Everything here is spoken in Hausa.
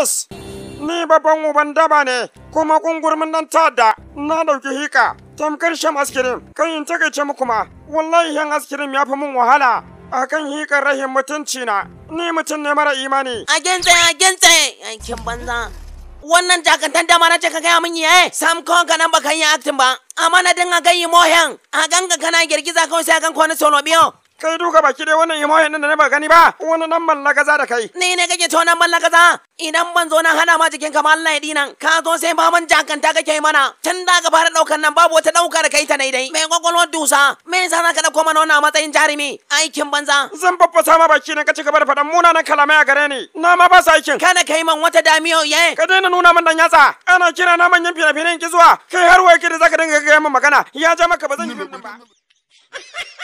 Yes! Ni babban uban daba ne, kuma kungurmin nan ta'adda na ɗauki hika, tamkar shan askirim, kan in takaice muku ma, wallahi yan askirim ya fi mun wahala. akan hikar rahin mutunci na, ni mutum ne mara imani. A gintse, a gintse, aikin banza. Wannan jakantar dama na ce ka gaya min yaye, eh? sam ko ka nan bakan yi aktin ba, amma na dinga ganyi mohen, a ganga kana girgiza kawai sai kan kone solo biyo. kai duka baki dai wannan imoyin din da na ba gani ba wani nan gaza da kai ni ne kake to nan mallakaza idan ban zo nan hana ma jikin ka Allah ya dinan ka zo sai ba man jakanta kake mana tun da ka fara daukan nan babu wata dauka da kai ta dai. mai kwakwalwar dusa me yasa na ka dauko mana wannan matsayin jarumi aikin banza zan faffasa ma baki ne ka ci gaba da faɗan munanan kalamai a gare ni na ma ba sa aikin kana kai man wata damiyo ye ka daina nuna min dan yatsa ana kira na manyan fina-finan ki zuwa kai har wai ki da zaka dinga gaya min magana ya ja maka ba zan yi ba